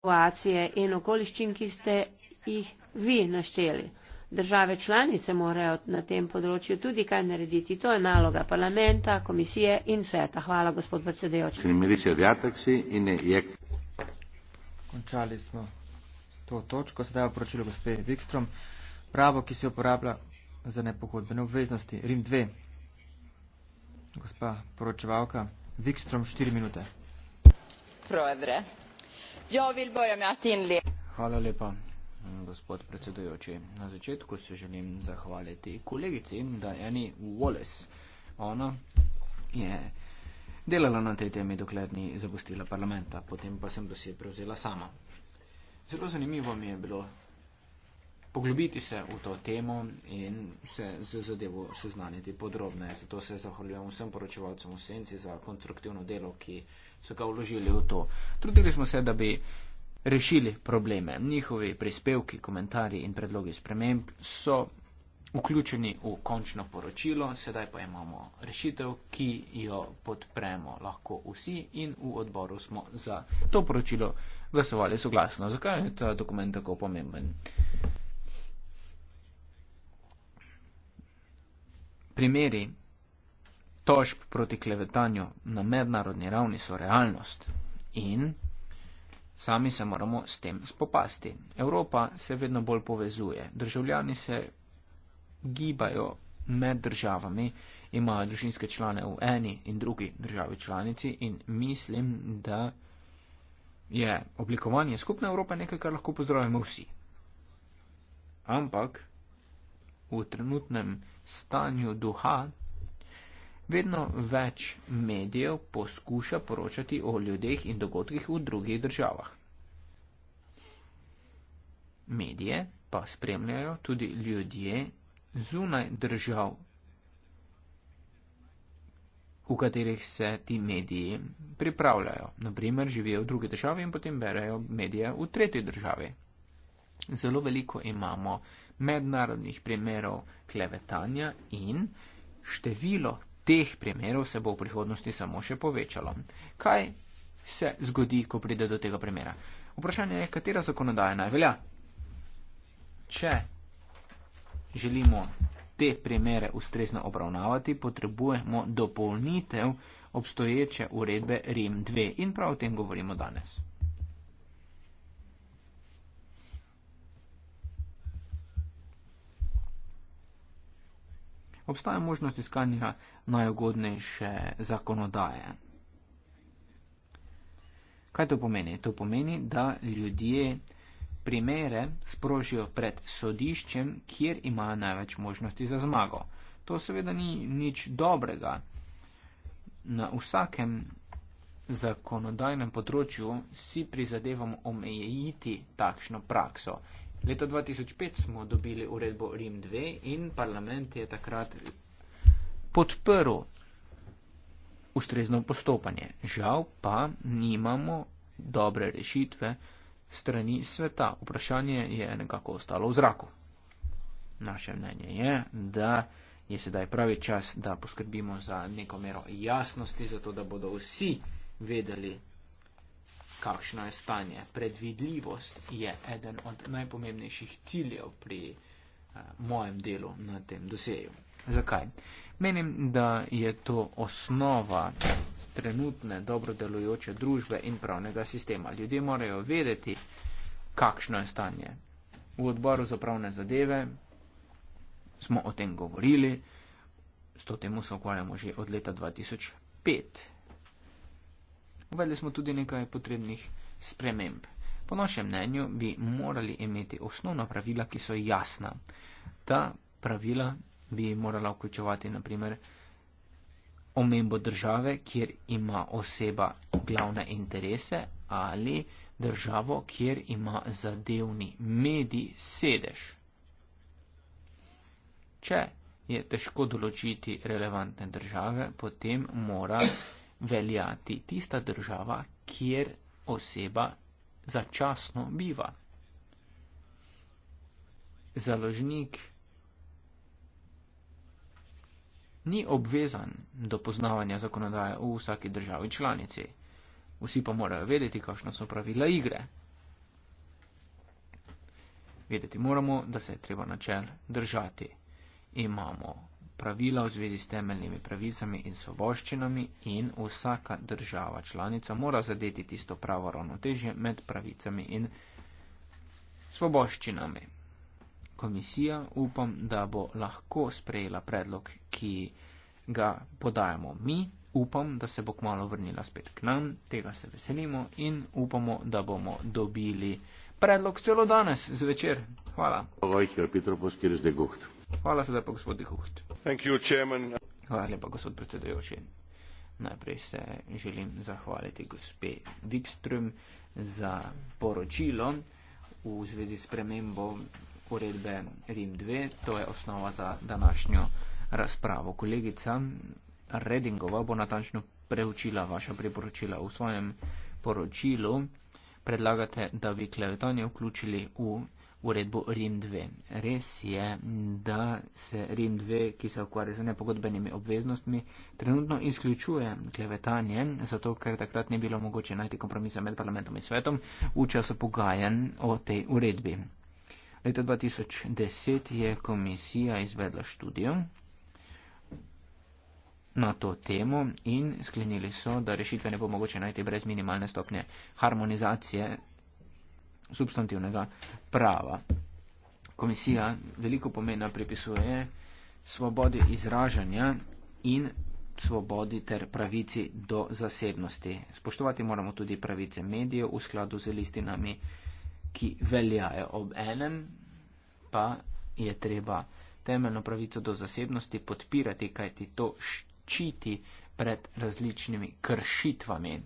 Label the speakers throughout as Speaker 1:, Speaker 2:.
Speaker 1: situacije in okoliščin, ki ste jih vi našteli. Države članice morajo na tem področju tudi kaj narediti. To je naloga parlamenta, komisije in sveta. Hvala, gospod predsedejoči. Končali smo to točko. Sedaj je poročilo gospe Wikstrom. Pravo, ki se uporablja za nepohodbene obveznosti. Rim 2. Gospa poročevalka. Wikstrom, 4 minute. Proedre. Ja,
Speaker 2: Hvala lepa, gospod predsedujoči. Na začetku se želim zahvaliti kolegici Dajani Wallace. Ona je delala na tej temi, dokler ni zapustila parlamenta, potem pa sem dosje prevzela sama. Zelo zanimivo mi je bilo poglobiti se v to temo in se z zadevo seznaniti podrobneje. Zato se zahvaljujem vsem poročevalcem v Senci za konstruktivno delo, ki so ga vložili v to. Trudili smo se, da bi rešili probleme. Njihovi prispevki, komentarji in predlogi sprememb so vključeni v končno poročilo, sedaj pa imamo rešitev, ki jo podpremo lahko vsi in v odboru smo za to poročilo glasovali soglasno. Zakaj je ta dokument tako pomemben? Primeri tožb proti klevetanju na mednarodni ravni so realnost in sami se moramo s tem spopasti. Evropa se vedno bolj povezuje, državljani se gibajo med državami, imajo družinske člane v eni in drugi državi članici in mislim, da je oblikovanje skupne Evrope nekaj, kar lahko pozdravimo vsi. Ampak v trenutnem stanju duha, vedno več medijev poskuša poročati o ljudeh in dogodkih v drugih državah. Medije pa spremljajo tudi ljudje zunaj držav, v katerih se ti mediji pripravljajo. Naprimer, živijo v drugi državi in potem berajo medije v tretji državi zelo veliko imamo mednarodnih primerov klevetanja in število teh primerov se bo v prihodnosti samo še povečalo. Kaj se zgodi, ko pride do tega primera? Vprašanje je, katera zakonodaja naj velja. Če želimo te primere ustrezno obravnavati, potrebujemo dopolnitev obstoječe uredbe RIM 2 in prav o tem govorimo danes. obstaja možnost iskanja najugodnejše zakonodaje. Kaj to pomeni? To pomeni, da ljudje primere sprožijo pred sodiščem, kjer imajo največ možnosti za zmago. To seveda ni nič dobrega. Na vsakem zakonodajnem področju si prizadevamo omejiti takšno prakso Leta 2005 smo dobili uredbo Rim 2 in parlament je takrat podprl ustrezno postopanje. Žal pa nimamo dobre rešitve strani sveta. Vprašanje je nekako ostalo v zraku. Naše mnenje je, da je sedaj pravi čas, da poskrbimo za neko mero jasnosti, zato da bodo vsi vedeli, kakšno je stanje. Predvidljivost je eden od najpomembnejših ciljev pri uh, mojem delu na tem doseju. Zakaj? Menim, da je to osnova trenutne dobro delujoče družbe in pravnega sistema. Ljudje morajo vedeti, kakšno je stanje. V odboru za pravne zadeve smo o tem govorili, s to temo se ukvarjamo že od leta 2005 uvedli smo tudi nekaj potrebnih sprememb. Po našem mnenju bi morali imeti osnovna pravila, ki so jasna. Ta pravila bi morala vključevati naprimer omembo države, kjer ima oseba glavne interese ali državo, kjer ima zadevni medij sedež. Če je težko določiti relevantne države, potem mora veljati tista država, kjer oseba začasno biva. Založnik ni obvezan do poznavanja zakonodaje v vsaki državi članici. Vsi pa morajo vedeti, kakšno so pravila igre. Vedeti moramo, da se je treba načel držati. Imamo pravila v zvezi s temeljnimi pravicami in svoboščinami in vsaka država članica mora zadeti tisto pravo ravnotežje med pravicami in svoboščinami. Komisija upam, da bo lahko sprejela predlog, ki ga podajamo mi. Upam, da se bo kmalo vrnila spet k nam, tega se veselimo in upamo, da bomo dobili predlog celo danes zvečer.
Speaker 1: Hvala. Hvala.
Speaker 2: Hvala sedaj pa gospodi Huht. Hvala lepa gospod predsedujoči. Najprej se želim zahvaliti gospe Wikström za poročilo v zvezi s premembo uredbe RIM 2. To je osnova za današnjo razpravo. Kolegica Redingova bo natančno preučila vaša priporočila v svojem poročilu. Predlagate, da bi klevetanje vključili v uredbo Rim 2. Res je, da se Rim 2, ki se ukvarja z nepogodbenimi obveznostmi, trenutno izključuje klevetanje, zato ker takrat ni bilo mogoče najti kompromisa med parlamentom in svetom v času pogajanj o tej uredbi. Leta 2010 je komisija izvedla študijo na to temo in sklenili so, da rešitve ne bo mogoče najti brez minimalne stopnje harmonizacije substantivnega prava. Komisija veliko pomena pripisuje svobodi izražanja in svobodi ter pravici do zasebnosti. Spoštovati moramo tudi pravice medijev v skladu z listinami, ki veljajo ob enem, pa je treba temeljno pravico do zasebnosti podpirati, kajti to ščiti pred različnimi kršitvami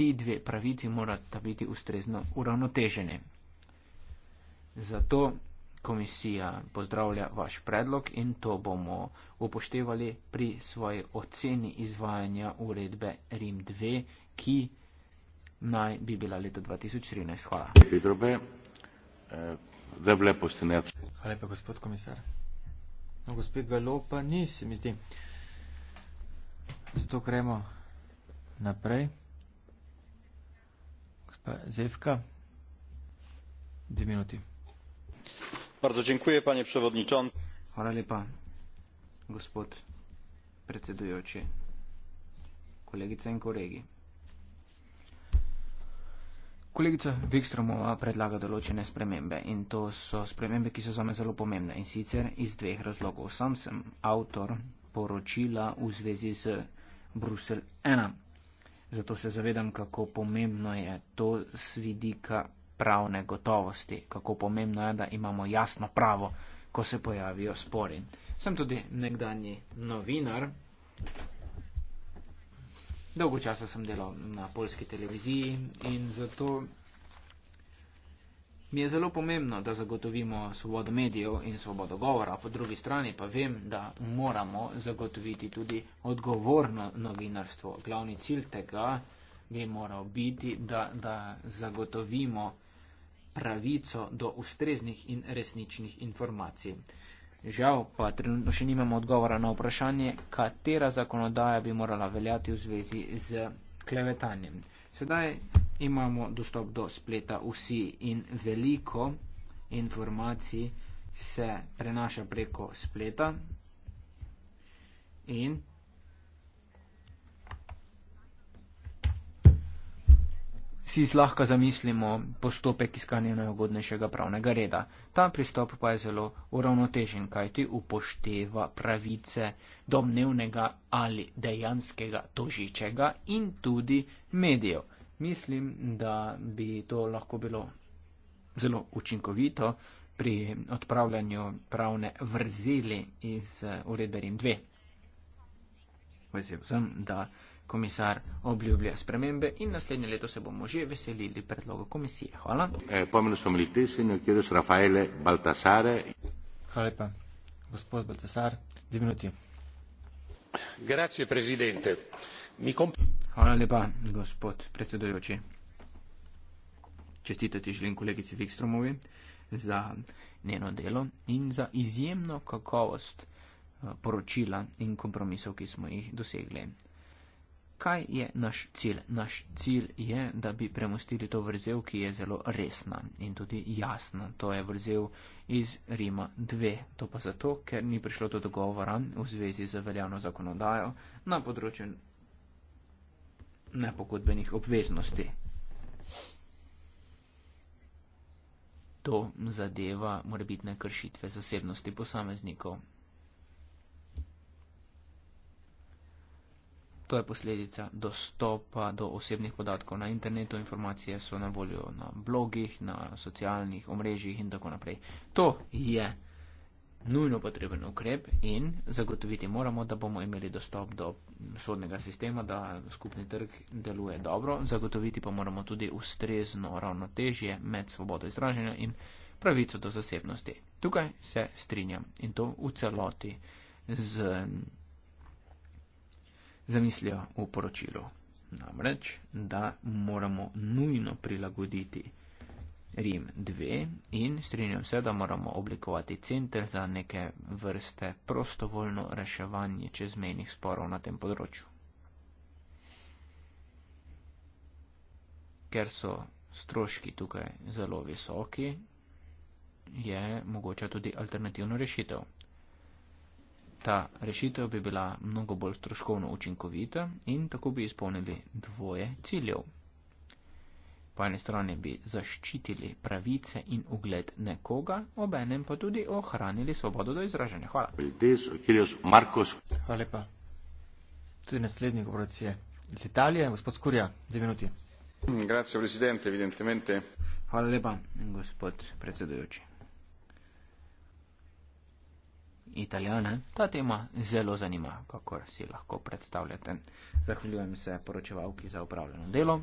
Speaker 2: ti dve pravici morata biti ustrezno uravnoteženi. Zato komisija pozdravlja vaš predlog in to bomo upoštevali pri svoji oceni izvajanja uredbe RIM 2, ki naj bi bila leta 2013. Hvala.
Speaker 1: Hvala lepa, gospod komisar. No, gospod Galo pa ni, se mi zdi. Zato gremo naprej zewka dwie minuty. Bardzo dziękuję panie przewodniczący. Chorale
Speaker 2: pan, gospod precedujący, kolegice i kolegi. Kolegica Vikstromova predlaga določene spremembe in to so spremembe, ki so za me zelo pomembne in sicer iz dveh razlogov. Sam sem avtor poročila v zvezi z Brusel 1 zato se zavedam, kako pomembno je to z vidika pravne gotovosti, kako pomembno je, da imamo jasno pravo, ko se pojavijo spori. Sem tudi nekdani novinar. Dolgo časa sem delal na polski televiziji in zato Mi je zelo pomembno, da zagotovimo svobodo medijev in svobodo govora, po drugi strani pa vem, da moramo zagotoviti tudi odgovorno novinarstvo. Glavni cilj tega bi moral biti, da, da zagotovimo pravico do ustreznih in resničnih informacij. Žal pa trenutno še nimamo odgovora na vprašanje, katera zakonodaja bi morala veljati v zvezi z klevetanjem. Sedaj imamo dostop do spleta vsi in veliko informacij se prenaša preko spleta in Si zlahka zamislimo postopek iskanja najugodnejšega pravnega reda. Ta pristop pa je zelo uravnotežen, kajti upošteva pravice domnevnega ali dejanskega tožičega in tudi medijev mislim, da bi to lahko bilo zelo učinkovito pri odpravljanju pravne vrzeli iz eh, uredbe Rim 2. Vesel sem, da komisar obljublja spremembe in naslednje leto se bomo že veselili predloga komisije. Hvala.
Speaker 1: Eh, Hvala lepa, gospod Baltasar. Dve minuti. Grazie, predsednik mi kom.
Speaker 2: Hvala lepa, gospod predsedujoči. Čestitati želim kolegici Vikstromovi za njeno delo in za izjemno kakovost eh, poročila in kompromisov, ki smo jih dosegli. Kaj je naš cilj? Naš cilj je, da bi premostili to vrzel, ki je zelo resna in tudi jasna. To je vrzel iz Rima 2. To pa zato, ker ni prišlo do dogovora v zvezi z veljavno zakonodajo na področju nepogodbenih obveznosti. To zadeva morebitne kršitve zasebnosti posameznikov. To je posledica dostopa do osebnih podatkov na internetu, informacije so na voljo na blogih, na socialnih omrežjih in tako naprej. To je nujno potreben ukrep in zagotoviti moramo, da bomo imeli dostop do sodnega sistema, da skupni trg deluje dobro, zagotoviti pa moramo tudi ustrezno ravnotežje med svobodo izražanja in pravico do zasebnosti. Tukaj se strinjam in to v celoti z zamislijo v poročilu. Namreč, da moramo nujno prilagoditi Rim 2 in strinjam se, da moramo oblikovati center za neke vrste prostovoljno reševanje čezmejnih sporov na tem področju. Ker so stroški tukaj zelo visoki, je mogoča tudi alternativna rešitev. Ta rešitev bi bila mnogo bolj stroškovno učinkovita in tako bi izpolnili dvoje ciljev. Po eni strani bi zaščitili pravice in ugled nekoga, ob enem pa tudi ohranili svobodo do izražanja. Hvala.
Speaker 1: Hvala lepa. Tudi naslednji govorac je iz Italije, gospod Skurja, dve minuti. Grazie, presidente, evidentemente. Hvala lepa,
Speaker 2: gospod predsedujoči. Italijane ta tema zelo zanima, kakor si lahko predstavljate. Zahvaljujem se poročevalki za upravljeno delo.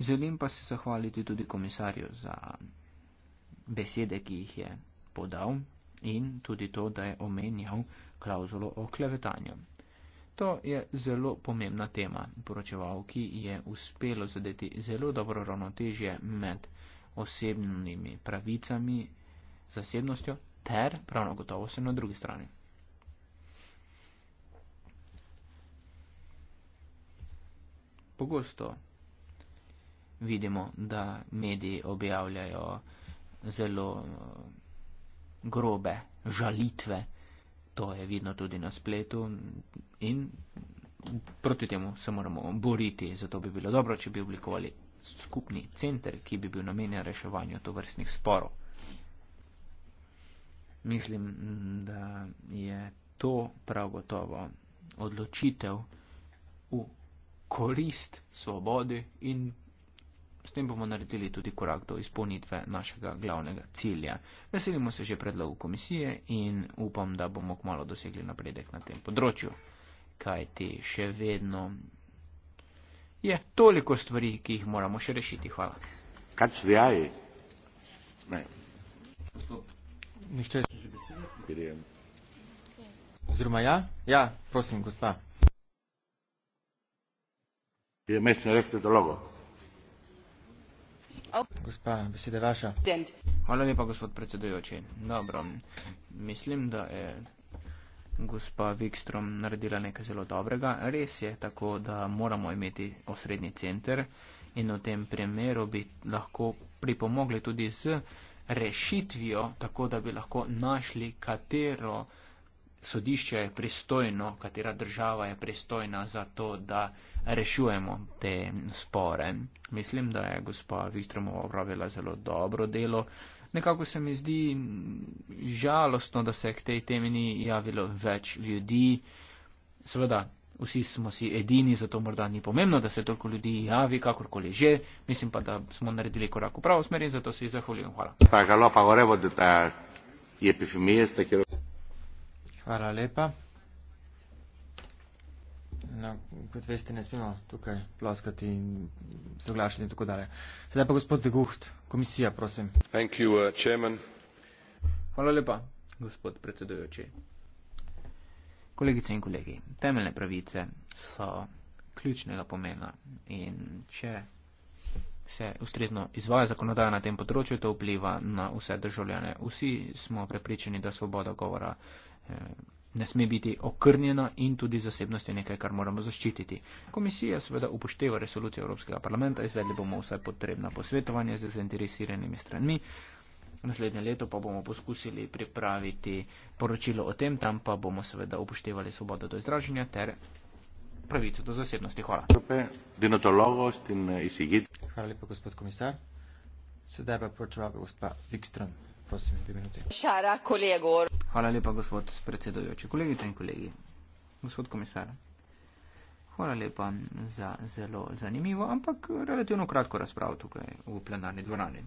Speaker 2: Želim pa se zahvaliti tudi komisarju za besede, ki jih je podal in tudi to, da je omenjal klauzulo o klevetanju. To je zelo pomembna tema. Poročevalki je uspelo zadeti zelo dobro ravnotežje med osebnimi pravicami, zasebnostjo ter pravno gotovo se na drugi strani. Pogosto vidimo, da mediji objavljajo zelo uh, grobe žalitve. To je vidno tudi na spletu in proti temu se moramo boriti. Zato bi bilo dobro, če bi oblikovali skupni center, ki bi bil namenjen reševanju tovrstnih sporov. Mislim, da je to prav gotovo odločitev v korist svobodi in S tem bomo naredili tudi korak do izpolnitve našega glavnega cilja. Veselimo se že predlogu komisije in upam, da bomo kmalo dosegli napredek na tem področju. Kaj ti še vedno je toliko stvari, ki jih moramo še rešiti. Hvala.
Speaker 1: Kaj so jaji? Ne. Nihče še že besedo? Grijem. Oziroma ja? Ja, prosim, gospa. Je mestni rektor dologo. Gospa, beseda vaša. Tent.
Speaker 2: Hvala lepa, gospod predsedujoči. Dobro, mislim, da je gospa Wikstrom naredila nekaj zelo dobrega. Res je tako, da moramo imeti osrednji center in v tem primeru bi lahko pripomogli tudi z rešitvijo, tako da bi lahko našli katero sodišče je pristojno, katera država je pristojna za to, da rešujemo te spore. Mislim, da je gospa Viktromova opravila zelo dobro delo. Nekako se mi zdi žalostno, da se k tej temi ni javilo več ljudi. Seveda, vsi smo si edini, zato morda ni pomembno, da se toliko ljudi javi, kakorkoli že. Mislim pa, da smo naredili korak v pravo smer in zato se ji zahvaljujem. Hvala.
Speaker 1: Hvala. Hvala lepa. No, kot veste, ne smemo tukaj ploskati in soglašati in tako dalje. Sedaj pa gospod De Gucht, komisija, prosim.
Speaker 2: Thank you, uh, Hvala lepa, gospod predsedujoči. Kolegice in kolegi, temeljne pravice so ključnega pomena in če se ustrezno izvaja zakonodaja na tem področju, to vpliva na vse državljane. Vsi smo prepričani, da svoboda govora ne sme biti okrnjena in tudi zasebnost je nekaj, kar moramo zaščititi. Komisija seveda upošteva resolucijo Evropskega parlamenta, izvedli bomo vse potrebna posvetovanja z zainteresiranimi stranmi. Naslednje leto pa bomo poskusili pripraviti poročilo o tem, tam pa bomo seveda upoštevali svobodo do izražanja ter pravico
Speaker 1: do zasebnosti. Hvala. Eh, Hvala lepa, gospod komisar. Sedaj pa poročava gospa Vikström. Prosim, dve minuti.
Speaker 2: Šara, kolegor. Hvala lepa, gospod predsedojoči. Kolegice in kolegi, gospod komisar, hvala lepa za zelo zanimivo, ampak relativno kratko razpravo tukaj v plenarni dvorani.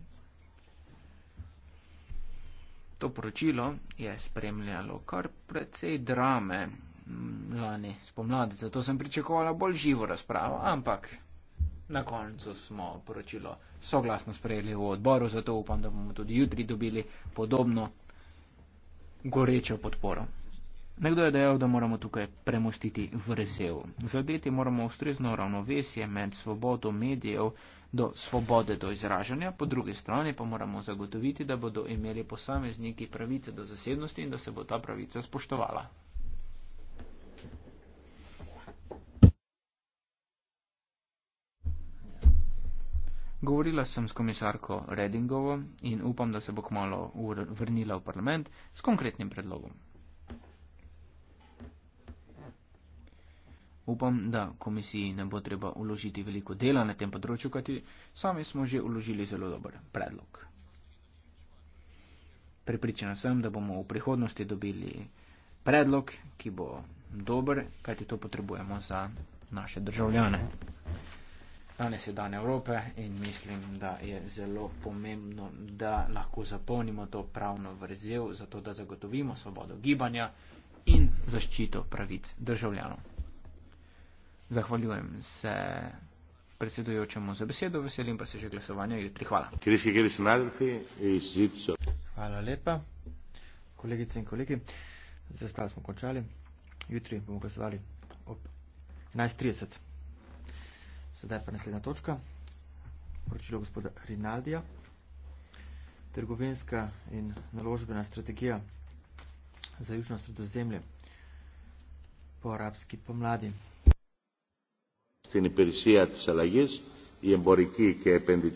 Speaker 2: To poročilo je spremljalo kar precej drame lani spomladi, zato sem pričakovala bolj živo razpravo, ampak na koncu smo poročilo soglasno sprejeli v odboru, zato upam, da bomo tudi jutri dobili podobno gorečo podporo. Nekdo je dejal, da moramo tukaj premustiti vrzel. Zadeti moramo ustrezno ravnovesje med svobodo medijev do svobode do izražanja, po drugi strani pa moramo zagotoviti, da bodo imeli posamezniki pravice do zasebnosti in da se bo ta pravica spoštovala. Govorila sem s komisarko Redingovo in upam, da se bo kmalo vrnila v parlament s konkretnim predlogom. Upam, da komisiji ne bo treba uložiti veliko dela na tem področju, kajti sami smo že uložili zelo dober predlog. Pripričana sem, da bomo v prihodnosti dobili predlog, ki bo dober, kajti to potrebujemo za naše državljane. Hvala. Danes je dan Evrope in mislim, da je zelo pomembno, da lahko zapolnimo to pravno vrzel, zato da zagotovimo svobodo gibanja in zaščito pravic državljanov. Zahvaljujem se predsedujočemu za besedo, veselim pa se že glasovanja jutri. Hvala.
Speaker 1: Hvala lepa, kolegice in kolegi. Zdaj smo končali. Jutri bomo glasovali ob 11.30. Sedaj pa naslednja točka. Poročilo gospoda Rinaldija. Trgovinska in naložbena strategija za južno sredozemlje po arabski pomladi. Tini Perisijat Salagis je boriki, ki je pendič.